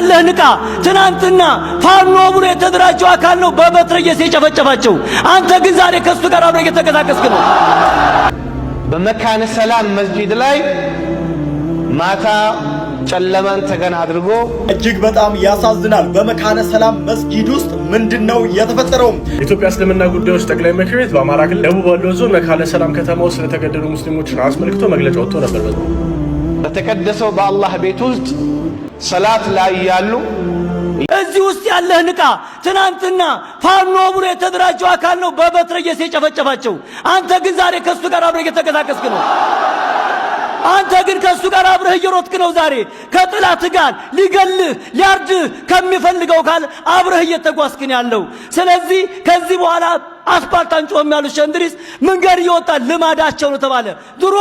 ካለህ ንቃ። ትናንትና ፋኖ ብሎ የተደራጀው አካል ነው በበትረየስ የጨፈጨፋቸው። አንተ ግን ዛሬ ከሱ ጋር አብረ እየተንቀሳቀስክ ነው። በመካነ ሰላም መስጂድ ላይ ማታ ጨለማን ተገን አድርጎ እጅግ በጣም ያሳዝናል። በመካነ ሰላም መስጊድ ውስጥ ምንድን ነው የተፈጠረው? የኢትዮጵያ እስልምና ጉዳዮች ጠቅላይ ምክር ቤት በአማራ ክልል ደቡብ ወሎ ዞን መካነ ሰላም ከተማ ውስጥ ስለተገደሉ ሙስሊሞችን አስመልክቶ መግለጫ ወጥቶ ነበር። በተቀደሰው በአላህ ቤት ውስጥ ሰላት ላይ ያሉ እዚህ ውስጥ ያለህ ንቃ። ትናንትና ፋኖ ብሎ የተደራጀው አካል ነው በበትረ እየሴ አንተ ግን ዛሬ ከሱ ጋር አብረህ እየተንቀሳቀስክ ነው። አንተ ግን ከሱ ጋር አብረህ እየሮጥክ ነው። ዛሬ ከጥላት ጋር ሊገልህ ሊያርድህ ከሚፈልገው ካል አብረህ እየተጓዝክ ነው ያለው። ስለዚህ ከዚህ በኋላ አስፓልት አንጮም ያሉት ሸንድሪስ መንገድ እየወጣ ልማዳቸው ነው ተባለ። ድሮ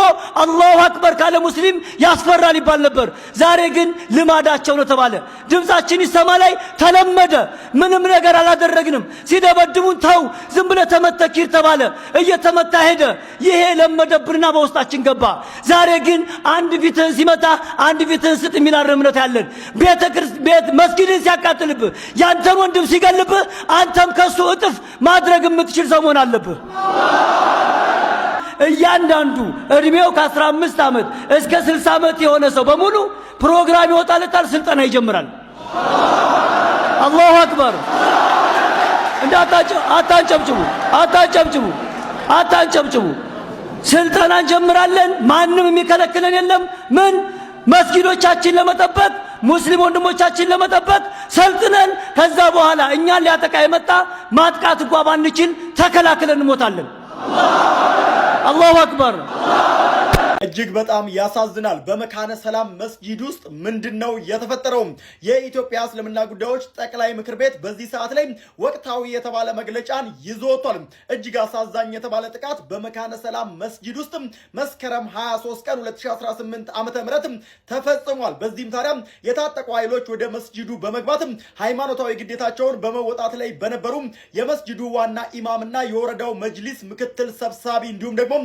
አላሁ አክበር ካለ ሙስሊም ያስፈራል ይባል ነበር። ዛሬ ግን ልማዳቸው ነው ተባለ። ድምፃችን ይሰማ ላይ ተለመደ። ምንም ነገር አላደረግንም። ሲደበድቡን ተው ዝም ብለ ተመተኪር ተባለ። እየተመታ ሄደ። ይሄ ለመደብርና በውስጣችን ገባ። ዛሬ ግን አንድ ፊትህን ሲመታ አንድ ፊትህን ስጥ የሚላር እምነት ያለን ቤተ መስጊድን ሲያቃጥልብህ ያንተን ወንድም ሲገልብህ አንተም ከሱ እጥፍ ማድረግ የምትችል ሰው መሆን አለብህ። እያንዳንዱ እድሜው ከ15 ዓመት እስከ 60 ዓመት የሆነ ሰው በሙሉ ፕሮግራም ይወጣለታል፣ ስልጠና ይጀምራል። አላሁ አክበር። እንደ አታንጨብጭቡ፣ አታንጨብጭቡ፣ አታንጨብጭቡ። ስልጠና እንጀምራለን። ማንም የሚከለክለን የለም። ምን መስጊዶቻችን ለመጠበቅ ሙስሊም ወንድሞቻችን ለመጠበቅ ሰልጥነን ከዛ በኋላ እኛን ሊያጠቃ የመጣ ማጥቃት እንኳ ባንችል ተከላክለን እንሞታለን። አላሁ አክበር። እጅግ በጣም ያሳዝናል። በመካነ ሰላም መስጂድ ውስጥ ምንድን ነው የተፈጠረው? የኢትዮጵያ እስልምና ጉዳዮች ጠቅላይ ምክር ቤት በዚህ ሰዓት ላይ ወቅታዊ የተባለ መግለጫን ይዞቷል። እጅግ አሳዛኝ የተባለ ጥቃት በመካነ ሰላም መስጂድ ውስጥ መስከረም 23 ቀን 2018 ዓ ም ተፈጽሟል። በዚህም ታዲያ የታጠቁ ኃይሎች ወደ መስጂዱ በመግባት ሃይማኖታዊ ግዴታቸውን በመወጣት ላይ በነበሩ የመስጂዱ ዋና ኢማምና የወረዳው መጅሊስ ምክትል ሰብሳቢ እንዲሁም ደግሞ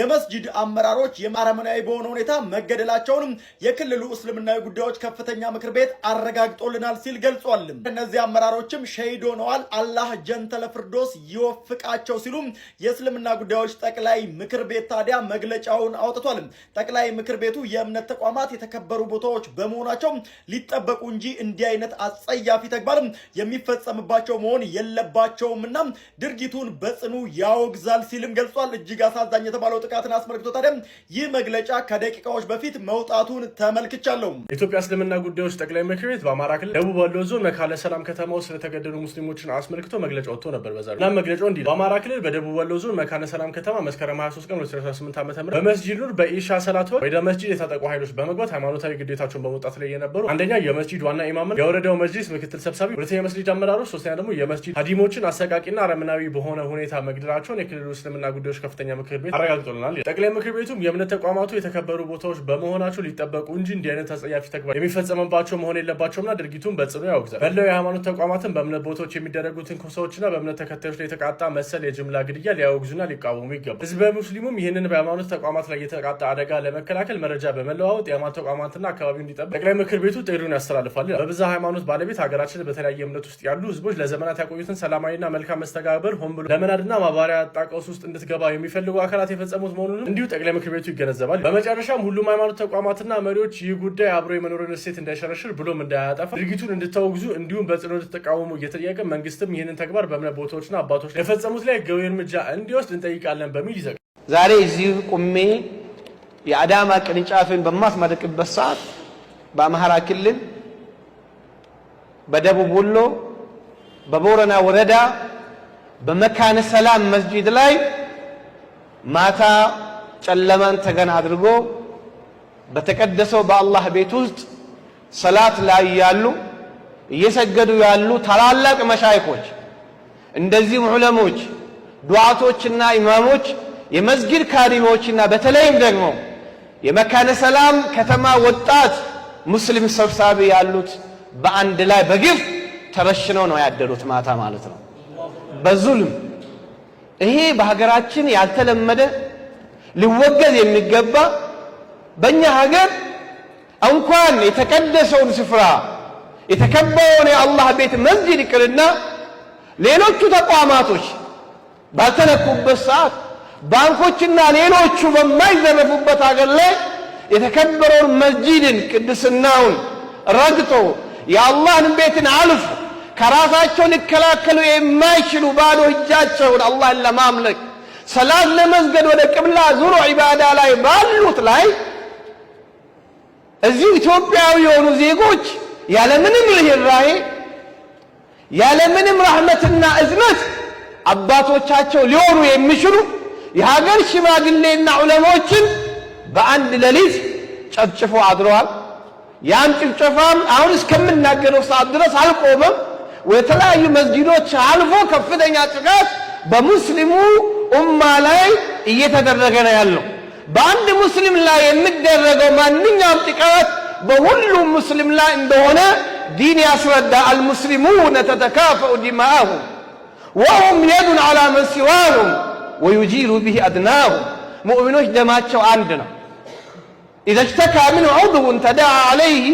የመስጂድ አመራሮች የማረ ሰላማዊ በሆነ ሁኔታ መገደላቸውንም የክልሉ እስልምናዊ ጉዳዮች ከፍተኛ ምክር ቤት አረጋግጦልናል ሲል ገልጿልም። እነዚህ አመራሮችም ሸሂድ ሆነዋል፣ አላህ ጀንተለ ፍርዶስ ይወፍቃቸው ሲሉም የእስልምና ጉዳዮች ጠቅላይ ምክር ቤት ታዲያ መግለጫውን አውጥቷል። ጠቅላይ ምክር ቤቱ የእምነት ተቋማት የተከበሩ ቦታዎች በመሆናቸው ሊጠበቁ እንጂ እንዲህ አይነት አጸያፊ ተግባር የሚፈጸምባቸው መሆን የለባቸውምና ድርጊቱን በጽኑ ያወግዛል ሲልም ገልጿል። እጅግ አሳዛኝ የተባለው ጥቃትን አስመልክቶ ታዲያ ይህ መግለጫ ከደቂቃዎች በፊት መውጣቱን ተመልክቻለሁ። የኢትዮጵያ እስልምና ጉዳዮች ጠቅላይ ምክር ቤት በአማራ ክልል ደቡብ ወሎ ዞን መካለ ሰላም ከተማ ውስጥ ስለተገደሉ ሙስሊሞችን አስመልክቶ መግለጫ ወጥቶ ነበር። በዛ እናም መግለጫው እንዲህ በአማራ ክልል በደቡብ ወሎ ዞን መካነ ሰላም ከተማ መስከረም 23 ቀን 2018 ዓ ም በመስጂድ ኑር በኢሻ ሰላት ወቅት ወደ መስጂድ የታጠቁ ኃይሎች በመግባት ሃይማኖታዊ ግዴታቸውን በመውጣት ላይ የነበሩ አንደኛ የመስጂድ ዋና ኢማምን፣ የወረዳው መጅሊስ ምክትል ሰብሳቢ፣ ሁለተኛ የመስጂድ አመራሮች፣ ሶስተኛ ደግሞ የመስጂድ ሀዲሞችን አሰቃቂና አረመናዊ በሆነ ሁኔታ መግደላቸውን የክልሉ እስልምና ጉዳዮች ከፍተኛ ምክር ቤት አረጋግጦልናል። ጠቅላይ ምክር ቤቱም የእምነት ተቋማቱ የተከበሩ ቦታዎች በመሆናቸው ሊጠበቁ እንጂ እንዲህ አይነት አጸያፊ ተግባር የሚፈጸምባቸው መሆን የለባቸውና ድርጊቱን በጽኑ ያወግዛል። መላው የሃይማኖት ተቋማትን በእምነት ቦታዎች የሚደረጉ ትንኮሳዎችና በእምነት ተከታዮች ላይ የተቃጣ መሰል የጅምላ ግድያ ሊያወግዙና ሊቃወሙ ይገባል። ህዝበ ሙስሊሙም ይህንን በሃይማኖት ተቋማት ላይ የተቃጣ አደጋ ለመከላከል መረጃ በመለዋወጥ የሃይማኖት ተቋማትና አካባቢ እንዲጠብቅ ጠቅላይ ምክር ቤቱ ጥሪውን ያስተላልፋል። በብዛ ሃይማኖት ባለቤት ሀገራችን በተለያየ እምነት ውስጥ ያሉ ህዝቦች ለዘመናት ያቆዩትን ሰላማዊና መልካም መስተጋበር ሆን ብሎ ለመናድና ማባሪያ ጣቀውስ ውስጥ እንድትገባ የሚፈልጉ አካላት የፈጸሙት መሆኑንም እንዲሁ ጠቅላይ ምክር ቤቱ ይገነዘባል። ይገነዘባል። በመጨረሻም ሁሉም ሃይማኖት ተቋማትና መሪዎች ይህ ጉዳይ አብሮ የመኖርን እሴት እንዳይሸረሽር ብሎም እንዳያጠፋ ድርጊቱን እንድታወግዙ እንዲሁም በጽኖ እንድትቃወሙ እየተጠየቀ መንግስትም ይህንን ተግባር በእምነት ቦታዎችና አባቶች የፈጸሙት ላይ ገዊ እርምጃ እንዲወስድ እንጠይቃለን በሚል ይዘጋል። ዛሬ እዚህ ቁሜ የአዳማ ቅርንጫፍን በማስመረቅበት ሰዓት በአማራ ክልል በደቡብ ወሎ በቦረና ወረዳ በመካነ ሰላም መስጂድ ላይ ማታ ጨለማን ተገና አድርጎ በተቀደሰው በአላህ ቤት ውስጥ ሰላት ላይ ያሉ እየሰገዱ ያሉ ታላላቅ መሻይኮች እንደዚሁም ዑለሞች፣ ዱዓቶችና ኢማሞች፣ የመስጊድ ካሪሞችና በተለይም ደግሞ የመካነ ሰላም ከተማ ወጣት ሙስሊም ሰብሳቢ ያሉት በአንድ ላይ በግፍ ተረሽነው ነው ያደሩት። ማታ ማለት ነው በዙልም። ይሄ በሀገራችን ያልተለመደ ሊወገዝ የሚገባ በእኛ ሀገር እንኳን የተቀደሰውን ስፍራ የተከበረውን የአላህ ቤት መስጂድ ይቅርና ሌሎቹ ተቋማቶች ባልተነኩበት ሰዓት ባንኮችና ሌሎቹ በማይዘረፉበት ሀገር ላይ የተከበረውን መስጂድን ቅድስናውን ረግጦ የአላህን ቤትን አልፎ ከራሳቸው ሊከላከሉ የማይችሉ ባዶ እጃቸውን አላህን ለማምለክ ሰላት ለመስገድ ወደ ቅብላ ዙሮ ዒባዳ ላይ ባሉት ላይ እዚሁ ኢትዮጵያዊ የሆኑ ዜጎች ያለምንም ርኅራኄ ያለምንም ረሕመትና እዝነት አባቶቻቸው ሊሆኑ የሚችሉ የሀገር ሽማግሌና ዑለሞችን በአንድ ሌሊት ጨፍጭፎ አድረዋል። ያም ጭፍጨፋም አሁን እስከምናገረው ሰዓት ድረስ አልቆመም። የተለያዩ መስጊዶች አልፎ ከፍተኛ ጥቃት በሙስሊሙ ኡማ ላይ እየተደረገ ነው ያለው። በአንድ ሙስሊም ላይ የሚደረገው ማንኛውም ጥቃት በሁሉም ሙስሊም ላይ እንደሆነ ዲን ያስረዳ። አልሙስሊሙነ ተተካፈኡ ዲማአሁም ወሁም የዱን ዓላ መን ሲዋሁም ወዩጂሩ ብህ አድናሁም። ሙእሚኖች ደማቸው አንድ ነው። ኢዘ ሽተካ ምንሁ ዑድውን ተዳዓ ዓለይህ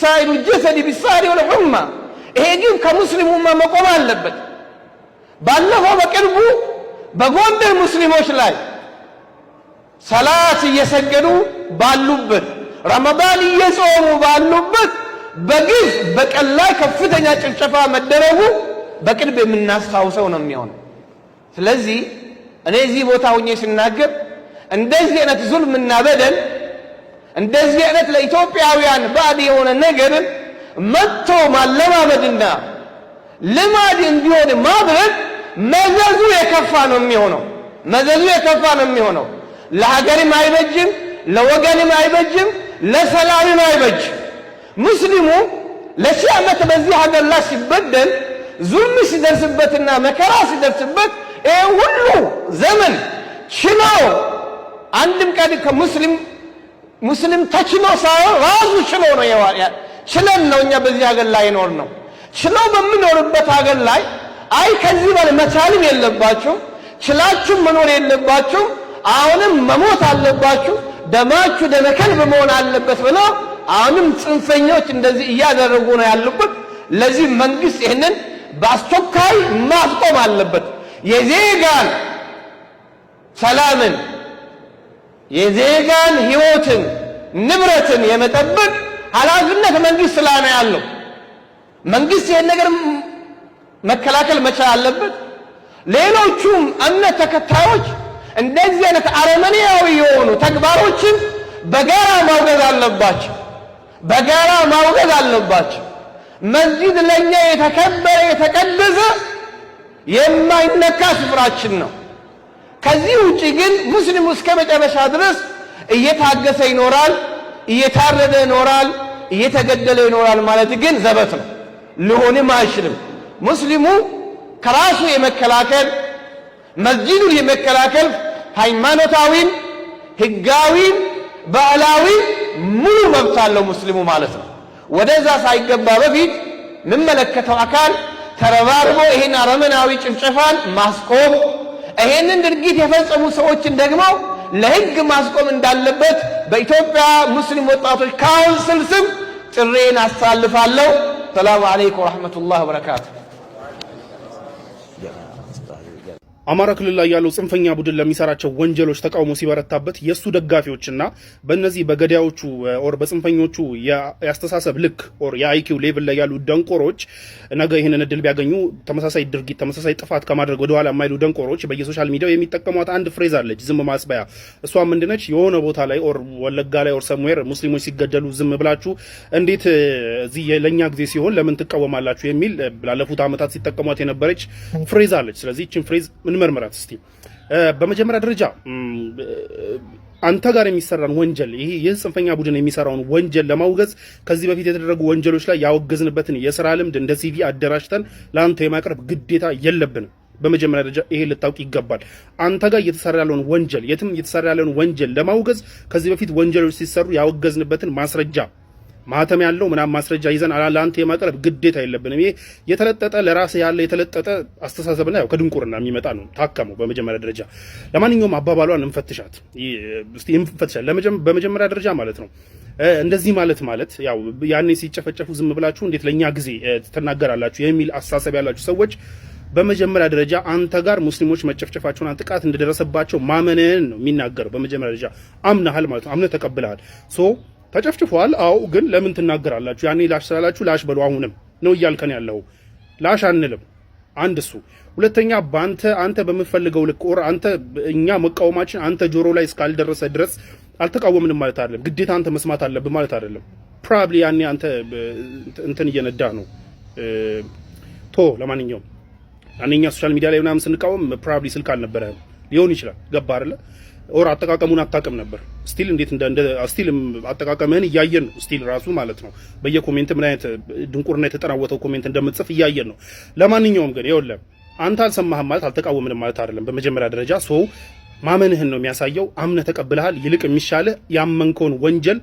ሳኢሩ ጀሰድ ቢሳሪ ወልሑማ። ይሄ ግን ከሙስሊሙማ መቆም አለበት። ባለፈው በቅርቡ በጎንደር ሙስሊሞች ላይ ሰላት እየሰገዱ ባሉበት ረመዳን እየጾሙ ባሉበት በግፍ በቀን ላይ ከፍተኛ ጭፍጨፋ መደረጉ በቅርብ የምናስታውሰው ነው የሚሆን ስለዚህ እኔ እዚህ ቦታ ሁኜ ስናገር እንደዚህ አይነት እና በደል እንደዚህ አይነት ለኢትዮጵያውያን ባዕድ የሆነ ነገር መጥቶ ማለማመድና ልማድ እንዲሆን ማድረግ መዘዙ የከፋ ነው የሚሆነው። መዘዙ የከፋ ነው የሚሆነው። ለሀገርም አይበጅም፣ ለወገንም አይበጅም፣ ለሰላምም አይበጅም። ሙስሊሙ ለሺህ ዓመት በዚህ ሀገር ላይ ሲበደል ዙልም ሲደርስበትና መከራ ሲደርስበት ይህ ሁሉ ዘመን ችሎ አንድም ቀን ከሙስሊም ሙስሊም ተችሎ ሳይሆን ራሱ ችሎ ነው። ችለን ነው እኛ በዚህ ሀገር ላይ ይኖር ነው። ችሎ በምኖርበት ሀገር ላይ አይ ከዚህ በላይ መቻልም የለባችሁ፣ ችላችሁ መኖር የለባችሁ፣ አሁንም መሞት አለባችሁ፣ ደማችሁ ደመከልብ መሆን አለበት ብለው አሁንም ጽንፈኞች እንደዚህ እያደረጉ ነው ያለበት ለዚህ መንግስት ይህንን በአስቸኳይ ማስቆም አለበት። የዜጋን ሰላምን የዜጋን ህይወትን ንብረትን የመጠበቅ ኃላፊነት መንግስት ስላነ ያለው መንግስት ይህን ነገር መከላከል መቻል አለበት። ሌሎቹም እምነት ተከታዮች እንደዚህ አይነት አረመኔያዊ የሆኑ ተግባሮችን በጋራ ማውገዝ አለባቸው። በጋራ ማውገዝ አለባቸው። መስጂድ ለኛ የተከበረ የተቀደሰ የማይነካ ስፍራችን ነው። ከዚህ ውጪ ግን ሙስሊሙ እስከ መጨረሻ ድረስ እየታገሰ ይኖራል፣ እየታረደ ይኖራል፣ እየተገደለ ይኖራል ማለት ግን ዘበት ነው፣ ሊሆንም አይችልም። ሙስሊሙ ከራሱ የመከላከል መስጂዱን የመከላከል ሃይማኖታዊም ህጋዊም ባህላዊ ሙሉ መብት አለው ሙስሊሙ ማለት ነው። ወደዛ ሳይገባ በፊት የምመለከተው አካል ተረባርቦ ይህን አረመናዊ ጭፍጨፋን ማስቆም ይህንን ድርጊት የፈጸሙ ሰዎችን ደግሞ ለህግ ማስቆም እንዳለበት በኢትዮጵያ ሙስሊም ወጣቶች ካውንስል ስም ጥሬን አሳልፋለሁ። ሰላሙ አለይኩም ወረሕመቱላህ ወበረካቱ። አማራ ክልል ላይ ያለው ጽንፈኛ ቡድን ለሚሰራቸው ወንጀሎች ተቃውሞ ሲበረታበት የእሱ ደጋፊዎችና በእነዚህ በገዳዮቹ ኦር በጽንፈኞቹ የአስተሳሰብ ልክ ኦር የአይኪው ሌቭል ላይ ያሉ ደንቆሮች ነገ ይህንን እድል ቢያገኙ ተመሳሳይ ድርጊት ተመሳሳይ ጥፋት ከማድረግ ወደኋላ የማይሉ ደንቆሮች በየሶሻል ሚዲያው የሚጠቀሟት አንድ ፍሬዝ አለች፣ ዝም ማስበያ። እሷ ምንድነች? የሆነ ቦታ ላይ ኦር ወለጋ ላይ ኦር ሰሙዌር ሙስሊሞች ሲገደሉ ዝም ብላችሁ እንዴት እዚህ ለእኛ ጊዜ ሲሆን ለምን ትቃወማላችሁ? የሚል ላለፉት ዓመታት ሲጠቀሟት የነበረች ፍሬዝ አለች። ስለዚህ ይህችን ፍሬዝ እንመርምራት እስቲ። በመጀመሪያ ደረጃ አንተ ጋር የሚሰራን ወንጀል ይህ ጽንፈኛ ቡድን የሚሰራውን ወንጀል ለማውገዝ ከዚህ በፊት የተደረጉ ወንጀሎች ላይ ያወገዝንበትን የስራ ልምድ እንደ ሲቪ አደራጅተን ለአንተ የማቅረብ ግዴታ የለብንም። በመጀመሪያ ደረጃ ይሄ ልታውቅ ይገባል። አንተ ጋር እየተሰራ ያለውን ወንጀል የትም እየተሰራ ያለውን ወንጀል ለማውገዝ ከዚህ በፊት ወንጀሎች ሲሰሩ ያወገዝንበትን ማስረጃ ማተም ያለው ምናም ማስረጃ ይዘን ለአንተ የማቅረብ ግዴታ የለብንም። ይሄ የተለጠጠ ለራስ ያለ የተለጠጠ አስተሳሰብና ያው ከድንቁርና የሚመጣ ነው። ታከመው በመጀመሪያ ደረጃ ለማንኛውም አባባሏን እንፈትሻት፣ እንፈትሻት በመጀመሪያ ደረጃ ማለት ነው። እንደዚህ ማለት ማለት ያው ያኔ ሲጨፈጨፉ ዝም ብላችሁ እንዴት ለእኛ ጊዜ ትናገራላችሁ የሚል አስተሳሰብ ያላችሁ ሰዎች በመጀመሪያ ደረጃ አንተ ጋር ሙስሊሞች መጨፍጨፋቸውና ጥቃት እንደደረሰባቸው ማመንህን ነው የሚናገረው። በመጀመሪያ ደረጃ አምናሃል ማለት ነው። አምነህ ተቀብለሃል ሶ ተጨፍጭፏል። አዎ፣ ግን ለምን ትናገራላችሁ? ያኔ ላሽ ስላላችሁ ላሽ በሉ። አሁንም ነው እያልከን ያለው ላሽ አንልም። አንድ እሱ ሁለተኛ፣ በአንተ አንተ በምፈልገው ልክ ኦር አንተ እኛ መቃወማችን አንተ ጆሮ ላይ እስካልደረሰ ድረስ አልተቃወምንም ማለት አይደለም። ግዴታ አንተ መስማት አለብህ ማለት አይደለም። ፕሮባብሊ ያኔ አንተ እንትን እየነዳ ነው ቶ ለማንኛውም አንኛ ሶሻል ሚዲያ ላይ ምናምን ስንቃወም ፕሮባብሊ ስልክ አልነበረህም ሊሆን ይችላል። ገባ አይደለ? ኦር አጠቃቀሙን አታውቅም ነበር። ስቲል እንዴት እንደ ስቲል አጠቃቀምህን እያየን ነው። ስቲል ራሱ ማለት ነው በየኮሜንት ምን አይነት ድንቁርና የተጠናወተው ኮሜንት እንደምትጽፍ እያየን ነው። ለማንኛውም ግን ይኸውልህ አንተ አልሰማህም ማለት አልተቃወምንም ማለት አይደለም። በመጀመሪያ ደረጃ ሰው ማመንህን ነው የሚያሳየው። አምነህ ተቀብለሃል። ይልቅ የሚሻልህ ያመንከውን ወንጀል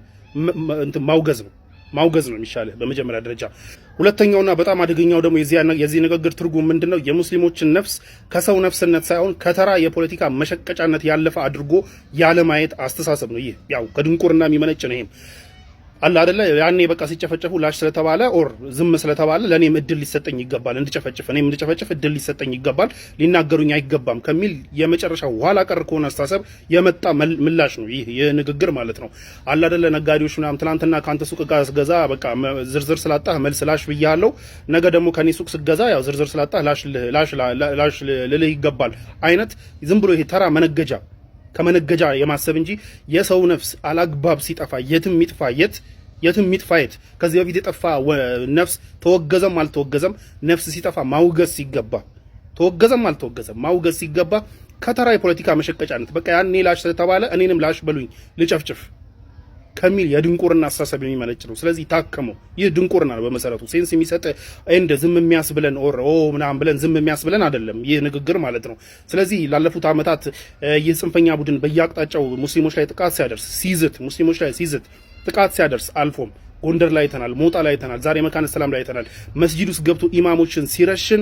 ማውገዝ ነው። ማውገዝ ነው የሚሻለ በመጀመሪያ ደረጃ። ሁለተኛውና በጣም አደገኛው ደግሞ የዚህ ንግግር ትርጉም ምንድን ነው? የሙስሊሞችን ነፍስ ከሰው ነፍስነት ሳይሆን ከተራ የፖለቲካ መሸቀጫነት ያለፈ አድርጎ ያለማየት አስተሳሰብ ነው። ይህ ያው ከድንቁርና የሚመነጭ ነው። ይህም አለ አይደለ ያኔ በቃ ሲጨፈጨፉ ላሽ ስለተባለ ኦር ዝም ስለተባለ ለእኔም እድል ሊሰጠኝ ይገባል፣ እንድጨፈጭፍ እኔም እንድጨፈጭፍ እድል ሊሰጠኝ ይገባል፣ ሊናገሩኝ አይገባም ከሚል የመጨረሻ ኋላ ቀር ከሆነ አስተሳሰብ የመጣ ምላሽ ነው ይህ ንግግር ማለት ነው። አለ አይደለ ነጋዴዎች ምናምን ትናንትና ከአንተ ሱቅ ጋር ስገዛ በቃ ዝርዝር ስላጣህ መልስ ላሽ ብያለው ነገ ደግሞ ከኔ ሱቅ ስገዛ ያው ዝርዝር ስላጣህ ላሽ ልልህ ይገባል አይነት ዝም ብሎ ይሄ ተራ መነገጃ ከመነገጃ የማሰብ እንጂ የሰው ነፍስ አላግባብ ሲጠፋ የትም ይጥፋ የት የትም ይጥፋ የት ከዚህ በፊት የጠፋ ነፍስ ተወገዘም አልተወገዘም ነፍስ ሲጠፋ ማውገዝ ሲገባ ተወገዘም አልተወገዘም ማውገዝ ሲገባ ከተራ የፖለቲካ መሸቀጫነት በቃ ያኔ ላሽ ስለተባለ እኔንም ላሽ በሉኝ ልጨፍጭፍ ከሚል የድንቁርና አስተሳሰብ የሚመነጭ ነው። ስለዚህ ታከመው። ይህ ድንቁርና ነው በመሰረቱ ሴንስ የሚሰጥ እንደ ዝም የሚያስ ብለን ኦር ኦ ምናምን ብለን ዝም የሚያስ ብለን አይደለም ይህ ንግግር ማለት ነው። ስለዚህ ላለፉት ዓመታት ይህ ጽንፈኛ ቡድን በየአቅጣጫው ሙስሊሞች ላይ ጥቃት ሲያደርስ ሲዝት፣ ሙስሊሞች ላይ ሲዝት፣ ጥቃት ሲያደርስ አልፎም ጎንደር ላይ አይተናል፣ ሞጣ ላይ አይተናል፣ ዛሬ መካነ ሰላም ላይ አይተናል። መስጂድ ውስጥ ገብቶ ኢማሞችን ሲረሽን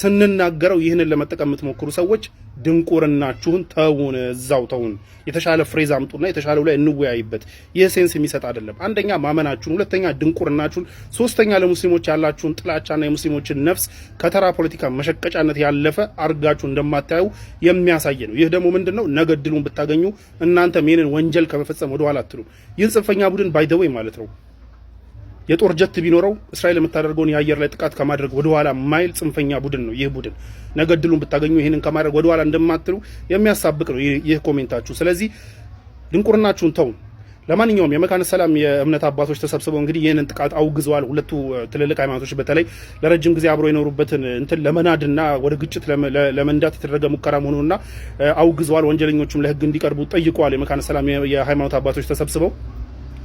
ስንናገረው ይህንን ለመጠቀም የምትሞክሩ ሰዎች ድንቁርናችሁን ተውን፣ እዛው ተውን። የተሻለ ፍሬዝ አምጡና የተሻለው ላይ እንወያይበት። ይህ ሴንስ የሚሰጥ አይደለም። አንደኛ ማመናችሁን፣ ሁለተኛ ድንቁርናችሁን፣ ሶስተኛ ለሙስሊሞች ያላችሁን ጥላቻና የሙስሊሞችን ነፍስ ከተራ ፖለቲካ መሸቀጫነት ያለፈ አርጋችሁ እንደማታዩ የሚያሳይ ነው። ይህ ደግሞ ምንድን ነው? ነገ ድሉን ብታገኙ እናንተም ይህንን ወንጀል ከመፈጸም ወደኋላ አትሉ። ይህን ጽንፈኛ ቡድን ባይደወይ ማለት ነው የጦር ጀት ቢኖረው እስራኤል የምታደርገውን የአየር ላይ ጥቃት ከማድረግ ወደኋላ ማይል ጽንፈኛ ቡድን ነው ይህ ቡድን። ነገ ድሉን ብታገኙ ይህንን ከማድረግ ወደኋላ እንደማትሉ የሚያሳብቅ ነው ይህ ኮሜንታችሁ። ስለዚህ ድንቁርናችሁን ተው። ለማንኛውም የመካነ ሰላም የእምነት አባቶች ተሰብስበው እንግዲህ ይህንን ጥቃት አውግዘዋል። ሁለቱ ትልልቅ ሃይማኖቶች በተለይ ለረጅም ጊዜ አብሮ የኖሩበትን እንትን ለመናድና ወደ ግጭት ለመንዳት የተደረገ ሙከራ መሆኑና አውግዘዋል። ወንጀለኞቹም ለህግ እንዲቀርቡ ጠይቀዋል። የመካነ ሰላም የሃይማኖት አባቶች ተሰብስበው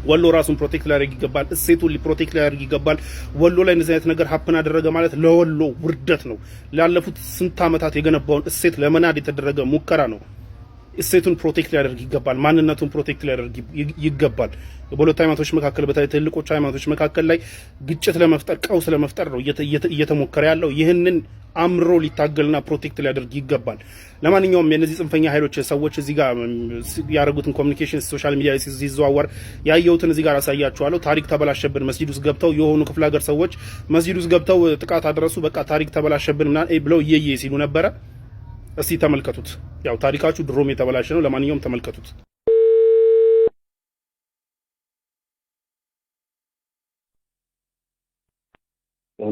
ወሎ ራሱን ፕሮቴክት ሊያደርግ ይገባል። እሴቱን ፕሮቴክት ሊያደርግ ይገባል። ወሎ ላይ እንደዚህ አይነት ነገር ሀፕን አደረገ ማለት ለወሎ ውርደት ነው። ላለፉት ስንት ዓመታት የገነባውን እሴት ለመናድ የተደረገ ሙከራ ነው። እሴቱን ፕሮቴክት ሊያደርግ ይገባል። ማንነቱን ፕሮቴክት ሊያደርግ ይገባል። በሁለቱ ሃይማኖቶች መካከል በተለይ ትልቆቹ ሃይማኖቶች መካከል ላይ ግጭት ለመፍጠር ቀውስ ለመፍጠር ነው እየተሞከረ ያለው። ይህንን አምሮ ሊታገልና ፕሮቴክት ሊያደርግ ይገባል። ለማንኛውም የነዚህ ጽንፈኛ ኃይሎች ሰዎች እዚህ ጋር ያደረጉትን ኮሚኒኬሽን ሶሻል ሚዲያ ሲዘዋወር ያየሁትን እዚህ ጋር አሳያችኋለሁ። ታሪክ ተበላሸብን፣ መስጂድ ውስጥ ገብተው የሆኑ ክፍለ ሀገር ሰዎች መስጂድ ውስጥ ገብተው ጥቃት አደረሱ፣ በቃ ታሪክ ተበላሸብን ብለው እየየ ሲሉ ነበረ። እስቲ ተመልከቱት። ያው ታሪካችሁ ድሮም የተበላሸ ነው። ለማንኛውም ተመልከቱት።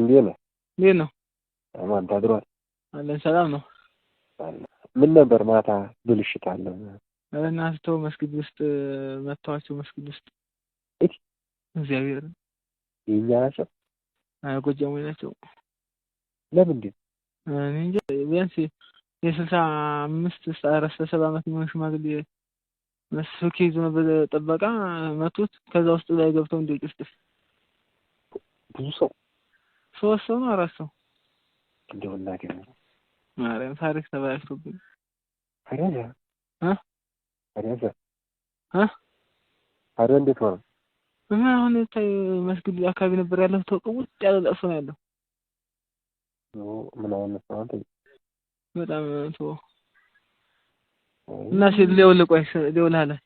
እንዴት ነው? እንዴት ነው? አማን ታድሯል? አለን ሰላም ነው። ምን ነበር ማታ ብልሽት አለ? እናስቶ መስጊድ ውስጥ መተዋቸው መስጊድ ውስጥ እግዚአብሔር የኛ ናቸው። ጎጃሙ ናቸው። ለምንድን እኔ እንጃ ቢያንስ የስልሳ አምስት እስከ ሰባ አመት የሚሆን ሽማግሌ መስኬ ይዞ ነበር ጠበቃ መቱት። ከዛ ውስጥ ላይ ገብተው እንደ ጭፍጭፍ ብዙ ሰው ሶስት ሰው ነው አራት ሰው እንደው እናቴ ነው ማርያም ታሪክ ተበላሽቶብኝ። አረዘ እ አረዘ እ አረ እንዴት ማለት እና አሁን ታይ መስጊድ አካባቢ ነበር ያለው ተቀውጥ ያለ ለቅሶ ነው ያለው ኦ ምን አይነት ሰው አንተ በጣም ጥሩ እና ሲል ደውል ቆይ ደውልልሃለሁ